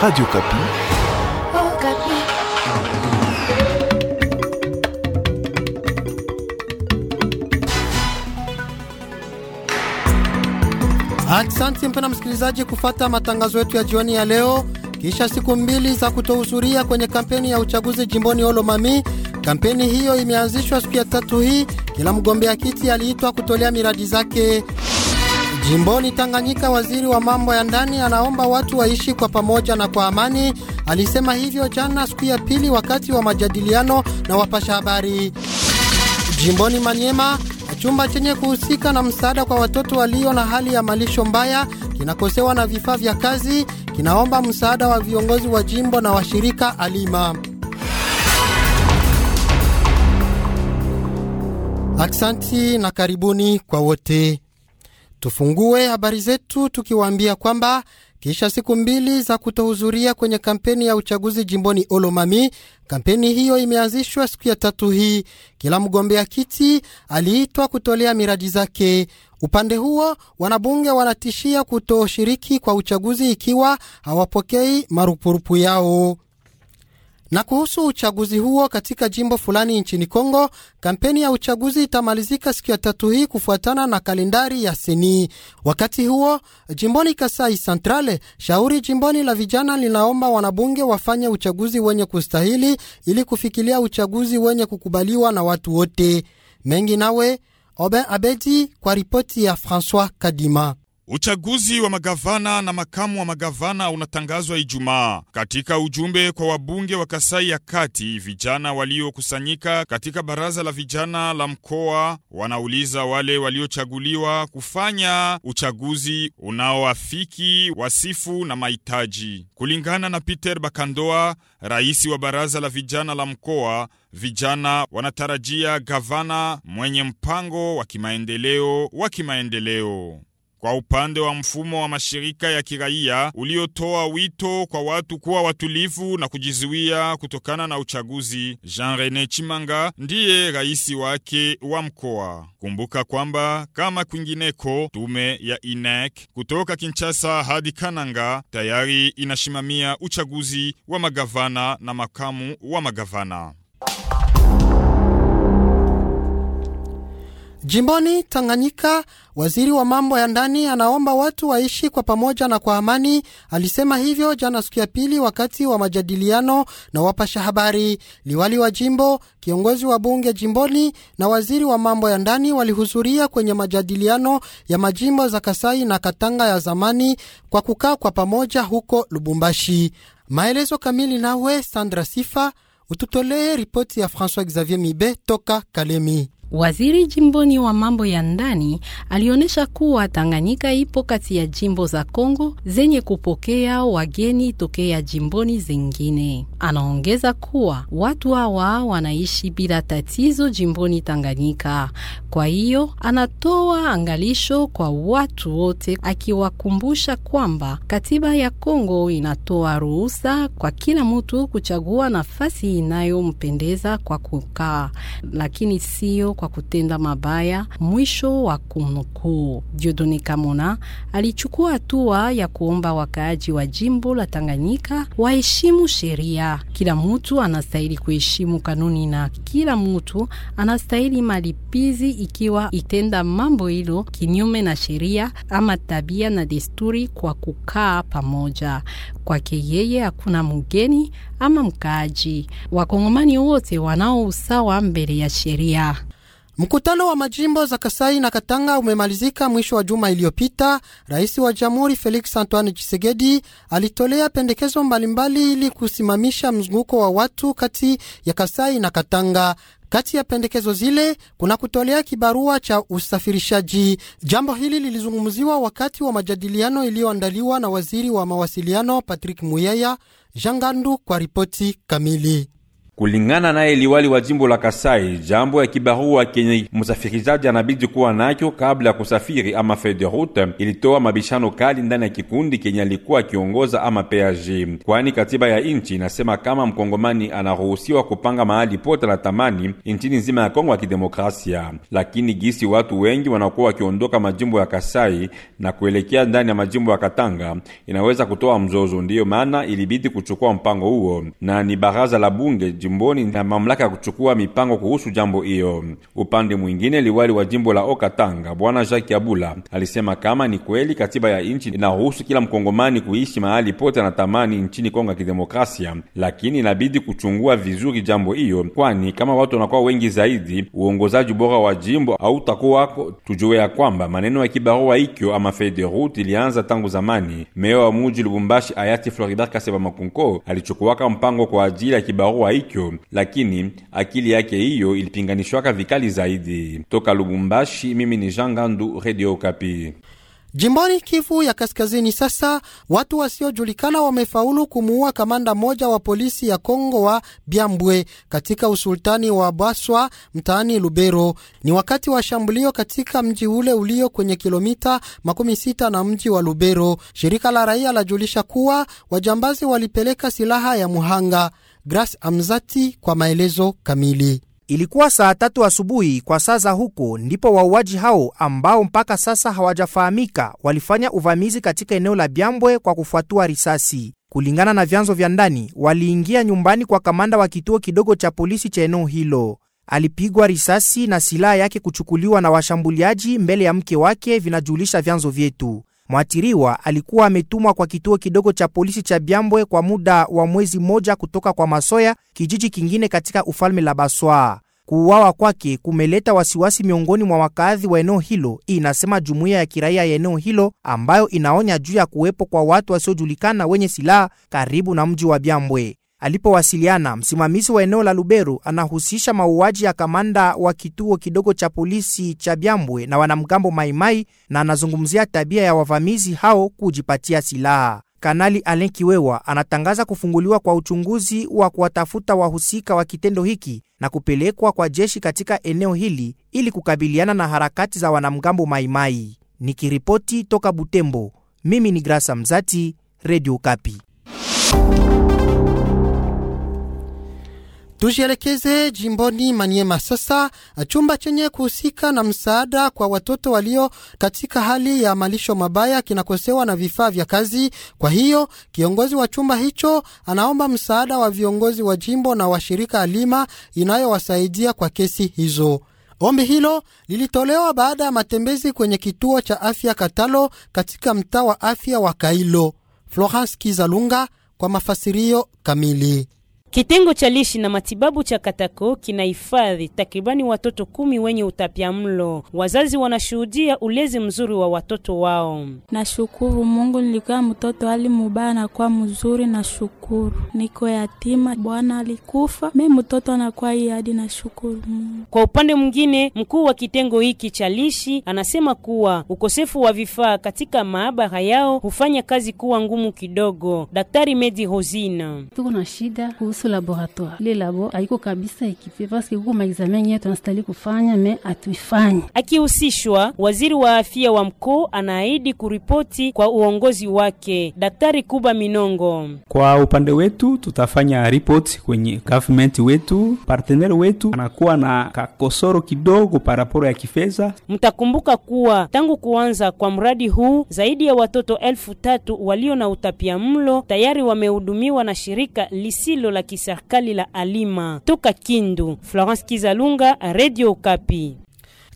Radio Kapi. Oh, Kapi. Aksanti mpena msikilizaji kufata matangazo yetu ya jioni ya leo. Kisha siku mbili za kutohudhuria kwenye kampeni ya uchaguzi jimboni Olomami, kampeni hiyo imeanzishwa siku ya tatu hii. Kila mgombea kiti aliitwa kutolea miradi zake. Jimboni Tanganyika, waziri wa mambo ya ndani anaomba watu waishi kwa pamoja na kwa amani. Alisema hivyo jana siku ya pili wakati wa majadiliano na wapasha habari. Jimboni Manyema, chumba chenye kuhusika na msaada kwa watoto walio na hali ya malisho mbaya kinakosewa na vifaa vya kazi, kinaomba msaada wa viongozi wa jimbo na washirika alima. Aksanti na karibuni kwa wote. Tufungue habari zetu tukiwaambia kwamba kisha siku mbili za kutohudhuria kwenye kampeni ya uchaguzi jimboni Olomami, kampeni hiyo imeanzishwa siku ya tatu hii. Kila mgombea kiti aliitwa kutolea miradi zake. Upande huo wanabunge wanatishia kutoshiriki kwa uchaguzi ikiwa hawapokei marupurupu yao. Na kuhusu uchaguzi huo katika jimbo fulani nchini Kongo, kampeni ya uchaguzi itamalizika siku ya tatu hii kufuatana na kalendari ya Seni. Wakati huo jimboni Kasai Centrale, shauri jimboni la vijana linaomba wanabunge wafanye uchaguzi wenye kustahili ili kufikilia uchaguzi wenye kukubaliwa na watu wote. Mengi nawe Oben Abedi kwa ripoti ya Francois Kadima. Uchaguzi wa magavana na makamu wa magavana unatangazwa Ijumaa. Katika ujumbe kwa wabunge wa Kasai ya Kati, vijana waliokusanyika katika baraza la vijana la mkoa wanauliza wale waliochaguliwa kufanya uchaguzi unaoafiki wasifu na mahitaji. Kulingana na Peter Bakandoa, rais wa baraza la vijana la mkoa, vijana wanatarajia gavana mwenye mpango wa kimaendeleo wa kimaendeleo. Kwa upande wa mfumo wa mashirika ya kiraia uliotoa wito kwa watu kuwa watulivu na kujizuia kutokana na uchaguzi, Jean Rene Chimanga ndiye rais wake wa mkoa. Kumbuka kwamba kama kwingineko, tume ya INEC kutoka Kinshasa hadi Kananga tayari inashimamia uchaguzi wa magavana na makamu wa magavana. Jimboni Tanganyika, waziri wa mambo ya ndani anaomba watu waishi kwa pamoja na kwa amani. Alisema hivyo jana siku ya pili wakati wa majadiliano na wapasha habari. Liwali wa jimbo, kiongozi wa bunge jimboni na waziri wa mambo ya ndani walihudhuria kwenye majadiliano ya majimbo za Kasai na Katanga ya zamani kwa kukaa kwa pamoja huko Lubumbashi. Maelezo kamili nawe Sandra Sifa, ututolee ripoti ya François Xavier Mibe toka Kalemi. Waziri jimboni wa mambo ya ndani alionyesha kuwa Tanganyika ipo kati ya jimbo za Kongo zenye kupokea wageni tokea jimboni zingine. Anaongeza kuwa watu hawa wanaishi bila tatizo jimboni Tanganyika. Kwa hiyo anatoa angalisho kwa watu wote, akiwakumbusha kwamba katiba ya Kongo inatoa ruhusa kwa kila mtu kuchagua nafasi inayompendeza kwa kukaa, lakini sio kwa kutenda mabaya. Mwisho wa kunukuu. Diodone Kamona alichukua hatua ya kuomba wakaaji wa jimbo la Tanganyika waheshimu sheria. Kila mtu anastahili kuheshimu kanuni na kila mtu anastahili malipizi ikiwa itenda mambo hilo kinyume na sheria ama tabia na desturi kwa kukaa pamoja. Kwake yeye hakuna mgeni ama mkaaji. Wakongomani wote wanao usawa mbele ya sheria. Mkutano wa majimbo za Kasai na Katanga umemalizika mwisho wa juma iliyopita. Rais wa Jamhuri Felix Antoine chisekedi alitolea pendekezo mbalimbali ili kusimamisha mzunguko wa watu kati ya Kasai na Katanga. Kati ya pendekezo zile kuna kutolea kibarua cha usafirishaji. Jambo hili lilizungumziwa wakati wa majadiliano iliyoandaliwa na waziri wa mawasiliano Patrick Muyaya Jangandu kwa ripoti kamili. Kulingana naye liwali wa jimbo la Kasai, jambo ya kibarua kenye msafirizaji anabidi kuwa nacho kabla ya kusafiri ama feuille de route ilitoa mabishano kali ndani ya kikundi kenye alikuwa akiongoza ama PAG, kwani katiba ya nchi inasema kama mkongomani anaruhusiwa kupanga mahali pote na tamani nchini nzima ya Kongo ya Kidemokrasia. Lakini gisi watu wengi wanakuwa wakiondoka majimbo ya Kasai na kuelekea ndani ya majimbo ya Katanga inaweza kutoa mzozo, ndiyo maana ilibidi kuchukua mpango huo na ni baraza la bunge jimboni na mamlaka ya kuchukua mipango kuhusu jambo hiyo. Upande mwingine, liwali wa jimbo la Okatanga bwana Jacques Abula alisema kama ni kweli katiba ya nchi inaruhusu kila mkongomani kuishi mahali pote anatamani nchini Kongo ya Kidemokrasia, lakini inabidi kuchungua vizuri jambo hiyo, kwani kama watu wanakuwa wengi zaidi, uongozaji bora wa jimbo hautakuwa. Tujue ya kwamba maneno ya kibarua ikyo ama feuille de ilianza tangu zamani. Meya wa muji Lubumbashi hayati Florida Kaseba Makunko alichukuaka mpango kwa ajili ya kibarua ikyo hivyo, lakini akili yake hiyo ilipinganishwaka vikali zaidi. Toka Lubumbashi, mimi ni Jean Gandu, Radio Kapi. Jimboni Kivu ya Kaskazini, sasa watu wasiojulikana wamefaulu kumuua kamanda mmoja wa polisi ya Kongo wa Byambwe katika usultani wa baswa mtaani Lubero. Ni wakati wa shambulio katika mji ule ulio kwenye kilomita makumi sita na mji wa Lubero. Shirika la raia lajulisha kuwa wajambazi walipeleka silaha ya muhanga Grace Amzati kwa maelezo kamili. Ilikuwa saa tatu asubuhi kwa saa za huko ndipo wauaji hao ambao mpaka sasa hawajafahamika walifanya uvamizi katika eneo la Byambwe kwa kufuatua risasi. Kulingana na vyanzo vya ndani, waliingia nyumbani kwa kamanda wa kituo kidogo cha polisi cha eneo hilo. Alipigwa risasi na silaha yake kuchukuliwa na washambuliaji mbele ya mke wake, vinajulisha vyanzo vyetu. Mwathiriwa alikuwa ametumwa kwa kituo kidogo cha polisi cha Byambwe kwa muda wa mwezi mmoja kutoka kwa Masoya, kijiji kingine katika ufalme la Baswa. Kuuawa kwake kumeleta wasiwasi miongoni mwa wakaazi wa eneo hilo, inasema jumuiya ya kiraia ya eneo hilo ambayo inaonya juu ya kuwepo kwa watu wasiojulikana wenye silaha karibu na mji wa Byambwe. Alipowasiliana, msimamizi wa eneo la Luberu anahusisha mauaji ya kamanda wa kituo kidogo cha polisi cha Byambwe na wanamgambo Maimai na anazungumzia tabia ya wavamizi hao kujipatia silaha. Kanali Alen Kiwewa anatangaza kufunguliwa kwa uchunguzi wa kuwatafuta wahusika wa kitendo hiki na kupelekwa kwa jeshi katika eneo hili ili kukabiliana na harakati za wanamgambo Maimai. Nikiripoti toka Butembo, mimi ni Grasa Mzati, Redio Kapi. Tujielekeze jimboni Maniema sasa, chumba chenye kuhusika na msaada kwa watoto walio katika hali ya malisho mabaya kinakosewa na vifaa vya kazi. Kwa hiyo kiongozi wa chumba hicho anaomba msaada wa viongozi wa jimbo na washirika alima inayowasaidia kwa kesi hizo. Ombi hilo lilitolewa baada ya matembezi kwenye kituo cha afya Katalo katika mtaa wa afya wa Kailo. Florence Kizalunga kwa mafasirio kamili. Kitengo cha lishi na matibabu cha Katako kinahifadhi takribani watoto kumi wenye mlo. Wazazi wanashuhudia ulezi mzuri wa watoto wao. Nashukuru Mungu, nilikuwa mtoto hali mubaya na kwa mzuri. Nashukuru niko yatima, bwana alikufa, me mtoto anakuwa hii hadi. Nashukuru Mungu. Kwa upande mwingine, mkuu wa kitengo hiki cha lishi anasema kuwa ukosefu wa vifaa katika maabara yao hufanya kazi kuwa ngumu kidogo. Daktari Medi Hozina, tuko na shida kuhusu laboratoire, ile labo haiko kabisa ekipe paske kuko maexamen yenye tunastahili kufanya me hatuifanyi. Akihusishwa, waziri wa afya wa mkoo anaahidi kuripoti kwa uongozi wake. Daktari Kuba Minongo: kwa upande wetu tutafanya ripoti kwenye government wetu, partenaire wetu anakuwa na kakosoro kidogo paraporo ya kifedha. Mtakumbuka kuwa tangu kuanza kwa mradi huu zaidi ya watoto elfu tatu walio na utapia mlo tayari wamehudumiwa na shirika lisilo la kiserikali la Alima. Toka Kindu, Florence Kizalunga, Radio Kapi.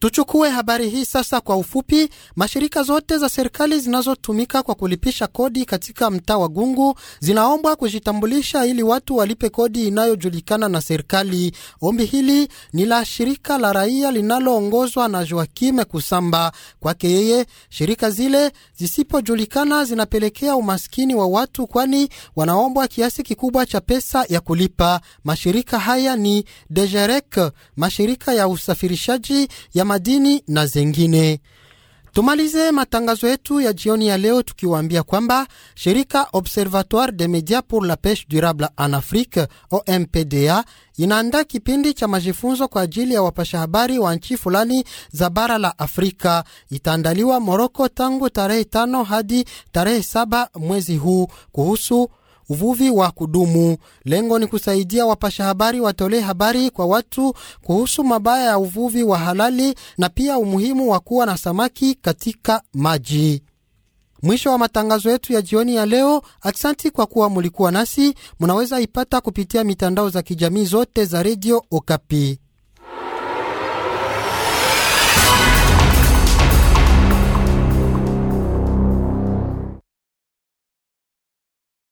Tuchukue habari hii sasa kwa ufupi. Mashirika zote za serikali zinazotumika kwa kulipisha kodi katika mtaa wa Gungu zinaombwa kujitambulisha ili watu walipe kodi inayojulikana na serikali. Ombi hili ni la shirika la raia linaloongozwa na Joakime Kusamba. Kwake yeye, shirika zile zisipojulikana zinapelekea umaskini wa watu, kwani wanaombwa kiasi kikubwa cha pesa ya kulipa. Mashirika haya ni Dejerek, mashirika ya usafirishaji ya madini na zengine. Tumalize matangazo yetu ya jioni ya leo tukiwaambia kwamba shirika Observatoire des Medias pour la Pêche Durable en Afrique OMPDA inaandaa kipindi cha majifunzo kwa ajili ya wapasha habari wa nchi fulani za bara la Afrika. Itaandaliwa Moroko tangu tarehe tano hadi tarehe saba mwezi huu kuhusu uvuvi wa kudumu. Lengo ni kusaidia wapasha habari watolee habari kwa watu kuhusu mabaya ya uvuvi wa halali na pia umuhimu wa kuwa na samaki katika maji. Mwisho wa matangazo yetu ya jioni ya leo. Aksanti kwa kuwa mulikuwa nasi. Munaweza ipata kupitia mitandao za kijamii zote za redio Okapi.